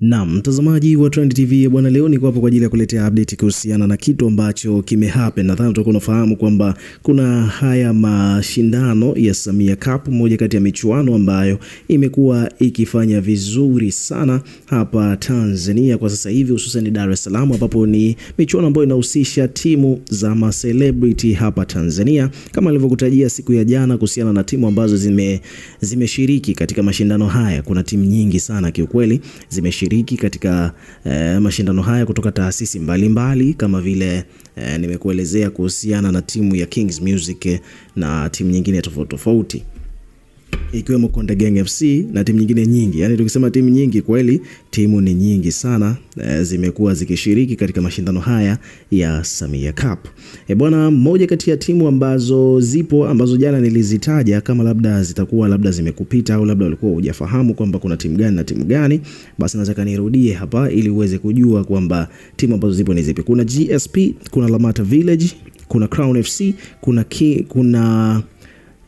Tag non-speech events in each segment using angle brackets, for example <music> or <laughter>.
Na mtazamaji wa Trend TV bwana, leo niko hapo kwa ajili ya kuletea update kuhusiana na kitu ambacho kimehappen. Nadhani utakuwa unafahamu kwamba kuna haya mashindano ya Samia Cup, moja kati ya michuano ambayo imekuwa ikifanya vizuri sana hapa Tanzania kwa sasa hivi, hususan Dar es Salaam, ambapo ni michuano ambayo inahusisha timu za ma celebrity hapa Tanzania, kama nilivyokutajia siku ya jana kuhusiana na timu ambazo zimeshiriki zime katika mashindano haya. Kuna timu nyingi sana kiukweli zime kushiriki katika eh, mashindano haya kutoka taasisi mbalimbali mbali, kama vile eh, nimekuelezea kuhusiana na timu ya Kings Music eh, na timu nyingine tofauti tofauti ikiwemo Konde Gang FC na timu nyingine nyingi. Yaani tukisema timu nyingi, kweli timu ni nyingi sana eh, zimekuwa zikishiriki katika mashindano haya ya Samia Cup. E bwana, moja kati ya timu ambazo zipo ambazo jana nilizitaja kama labda zitakuwa labda zimekupita au labda ulikuwa hujafahamu kwamba kuna timu gani na timu gani, basi nataka nirudie hapa ili uweze kujua kwamba timu ambazo zipo ni zipi. Kuna GSP, kuna Lamata Village, kuna Crown FC, kuna ki, kuna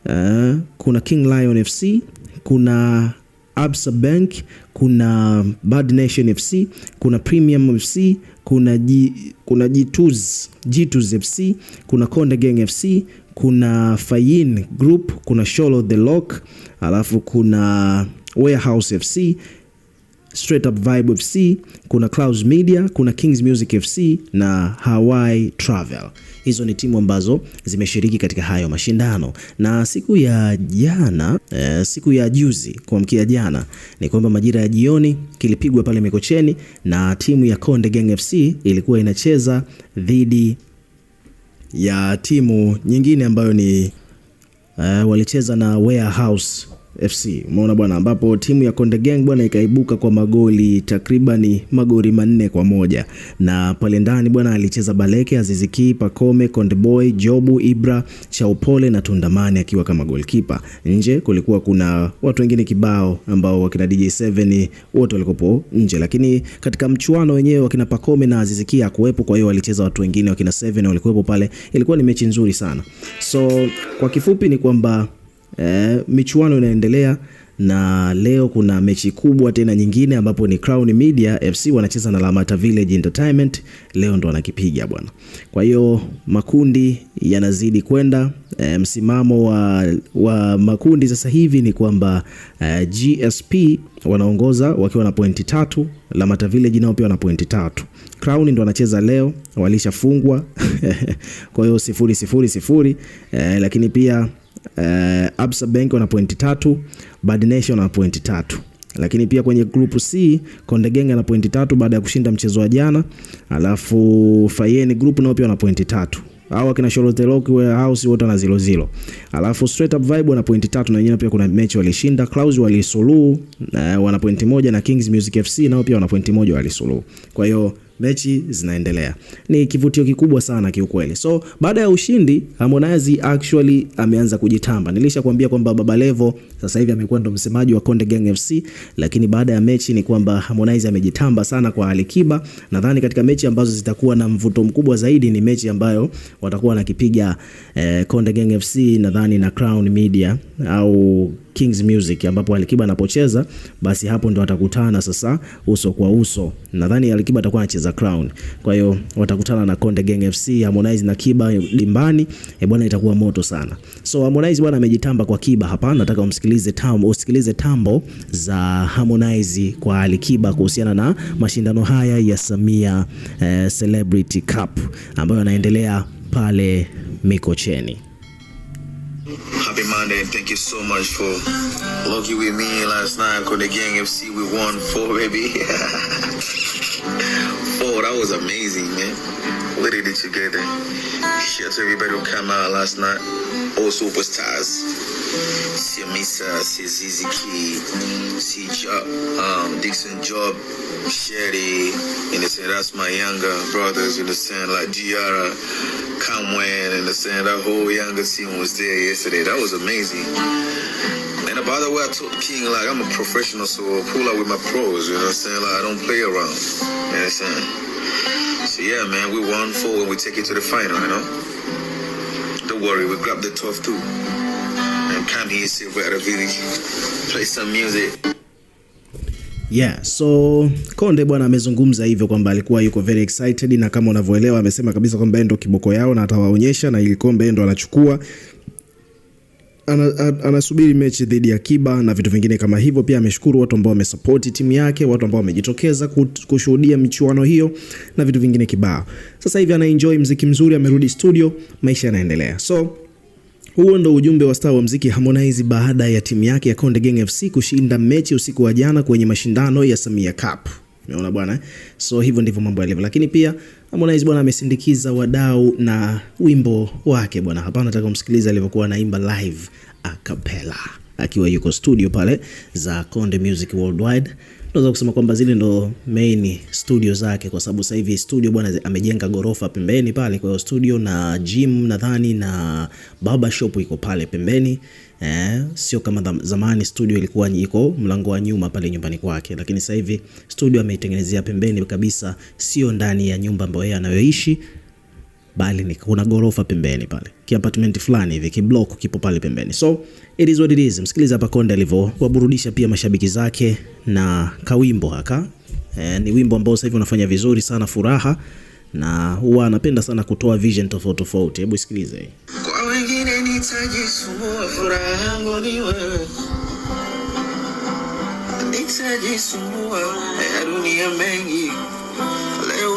Eh, kuna King Lion FC, kuna Absa Bank, kuna Bad Nation FC, kuna Premium FC, kuna G, kuna G2s, G2s FC, kuna Konde Gang FC, kuna Fayin Group, kuna Sholo The Lock, alafu kuna Warehouse FC Straight Up Vibe FC, kuna Clouds Media, kuna Kings Music FC na Hawaii Travel. Hizo ni timu ambazo zimeshiriki katika hayo mashindano, na siku ya jana eh, siku ya juzi kuamkia jana ni kwamba majira ya jioni kilipigwa pale Mikocheni na timu ya Konde Gang FC ilikuwa inacheza dhidi ya timu nyingine ambayo ni eh, walicheza na Warehouse FC umeona bwana, ambapo timu ya Konde Gang bwana ikaibuka kwa magoli takriban magoli manne kwa moja, na pale ndani bwana alicheza Baleke, Aziziki, Pakome, Konde Boy, Jobu, Ibra, Chaupole na Tundamani akiwa kama goalkeeper. Nje kulikuwa kuna watu wengine kibao ambao wakina DJ7 wote walikopo nje, lakini katika mchuano wenyewe wakina Pakome na Aziziki hakuwepo, kwa hiyo walicheza watu wengine wakina 7 walikuwepo pale. Ilikuwa ni mechi nzuri sana. So kwa kifupi ni kwamba E, michuano inaendelea na leo kuna mechi kubwa tena nyingine ambapo ni Crown Media FC wanacheza na Lamata Village Entertainment, leo ndo wanakipiga bwana. Kwa hiyo makundi yanazidi kwenda e, msimamo wa, wa makundi sasa hivi ni kwamba e, eh, GSP wanaongoza wakiwa na pointi tatu, Lamata Village nao pia wana pointi tatu. Crown ndo wanacheza leo, walishafungwa <laughs> kwa hiyo sifuri sifuri sifuri, e, lakini pia eh, Absa Bank wana pointi tatu, Bad Nation wana pointi tatu lakini pia kwenye group C Konde Gang ana pointi tatu baada ya kushinda mchezo wa jana, alafu Fayeni group nao pia wana pointi tatu au akina Charlotte Rock Warehouse wote wana zero zero, alafu Straight Up Vibe wana pointi tatu na wengine pia kuna mechi walishinda. Clouds walisuluhu eh, wana pointi moja na Kings Music FC nao pia wana pointi moja walisuluhu, kwa hiyo mechi zinaendelea. Ni kivutio kikubwa sana kiukweli. So baada ya ushindi, Harmonize actually ameanza kujitamba. Nilishakwambia kwamba Baba Levo sasa hivi amekuwa ndo msemaji wa Konde Gang FC, lakini baada ya mechi ni kwamba Harmonize amejitamba sana kwa Alikiba. Nadhani katika mechi ambazo zitakuwa na mvuto mkubwa zaidi ni mechi ambayo watakuwa wanakipiga eh, Konde Gang FC nadhani na Crown Media au Kings Music ambapo Alikiba anapocheza, basi hapo ndo watakutana sasa uso kwa uso. Nadhani Alikiba atakuwa anacheza za Crown. Kwa hiyo watakutana na Konde Gang FC, Harmonize na Kiba dimbani. E bwana, itakuwa moto sana. So Harmonize bwana amejitamba kwa Kiba hapa, nataka umsikilize tambo, usikilize tambo za Harmonize kwa Ali Kiba kuhusiana na mashindano haya ya Samia eh, Celebrity Cup ambayo yanaendelea pale Mikocheni. Happy Monday and thank you so much for lucky with me last night. Konde Gang FC we won four baby <laughs> Oh, that was amazing, man. We did it together. Shout to everybody who came out last night. All superstars. See Misa, see Zizi Key, see Job, um, Dixon Job, Sherry, and they said that's my younger brothers, you understand, like Giara, Kamwen, and they said that whole younger team was there yesterday. That was amazing. And by the way, I told King, like, I'm a professional, so I'll pull out with my pros, you know what I'm saying? Like, I don't play around, you know what I'm saying? So, yeah, man, we won four and we take it to the final, you know? Don't worry, we grab the top too. And come here, sit right at the play some music. Yeah, so Konde bwana amezungumza hivyo kwamba alikuwa yuko very excited na kama unavyoelewa amesema kabisa kwamba ndo kiboko yao na atawaonyesha na ilikombe kombe ndo anachukua anasubiri ana, ana mechi dhidi ya Kiba na vitu vingine kama hivyo. Pia ameshukuru watu ambao wamesapoti timu yake, watu ambao wamejitokeza kushuhudia michuano hiyo na vitu vingine kibao. Sasa hivi anaenjoy mziki mzuri, amerudi studio, maisha yanaendelea. So huo ndo ujumbe wa star wa mziki Harmonize baada ya timu yake ya Konde Gang FC kushinda mechi usiku wa jana kwenye mashindano ya Samia Cup. Umeona bwana, so hivyo ndivyo mambo yalivyo, lakini pia Harmonize bwana amesindikiza wadau na wimbo wake bwana. Hapa nataka kumsikiliza alivyokuwa anaimba live a cappella akiwa yuko studio pale za Konde Music Worldwide tunaweza kusema kwamba zile ndo main studio zake, kwa sababu sasa hivi studio bwana amejenga gorofa pembeni pale, kwa hiyo studio na gym nadhani na barber shop iko pale pembeni. Eh, sio kama zamani studio ilikuwa iko mlango wa nyuma pale nyumbani kwake, lakini sasa hivi studio ameitengenezea pembeni kabisa, sio ndani ya nyumba ambayo yeye anayoishi bali ni kuna gorofa pembeni pale, ki apartment fulani hivi ki block kipo pale pembeni. So it is what it is. Msikilize hapa Konde alivyo waburudisha pia mashabiki zake na kawimbo haka e, ni wimbo ambao sasa hivi unafanya vizuri sana Furaha, na huwa anapenda sana kutoa vision tofauti tofauti. Hebu sikilize. Kwa wengine nitajisumbua, furaha yangu ni wewe nitajisumbua, eh, dunia mengi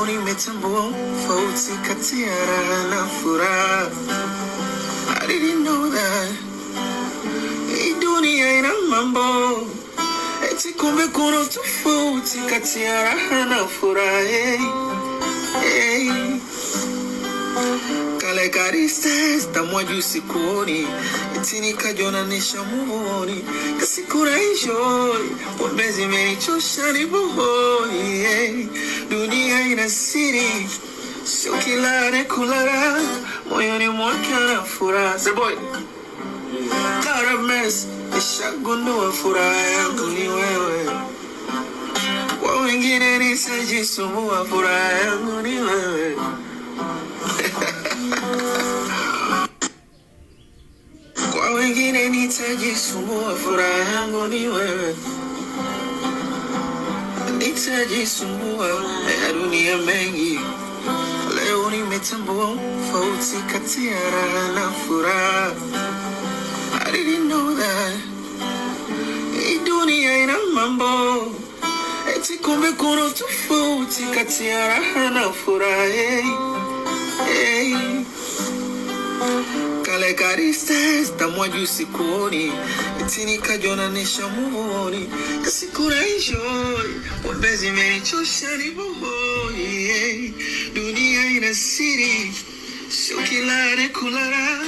mbinguni umetambua kati ya raha na furaha. I didn't know that. Hii dunia ina mambo eti, kumbe kuna tofauti kati ya raha na furaha. Hey, eh, eh. hey. Kale karista stamwaju sikuoni basi nikajonanisha muhoni kasikunaishoi pombezi menichosha ni bohoi yeah. Dunia ina siri sio kilare kulara moyoni mwake na furaha zeboy Karames nishagundua furaha yangu ni wewe kwa wengine nisajisumbua furaha yangu ni wewe Pengine nitajisumbua, furaha yangu ni wewe, nitajisumbua ya dunia mengi. Leo nimetambua tofauti kati ya raha na furaha. I didn't know that hii dunia ina mambo eti, kumbe kuna tofauti kati ya raha na furaha. Hey, eh, eh. hey. Ekariste tamwaju sikuoni tini kajonanisha muoni kasikuraishoi wabezi menichosha nibohoi eh. dunia ina siri sio kilare kulara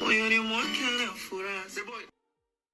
moyoni mwake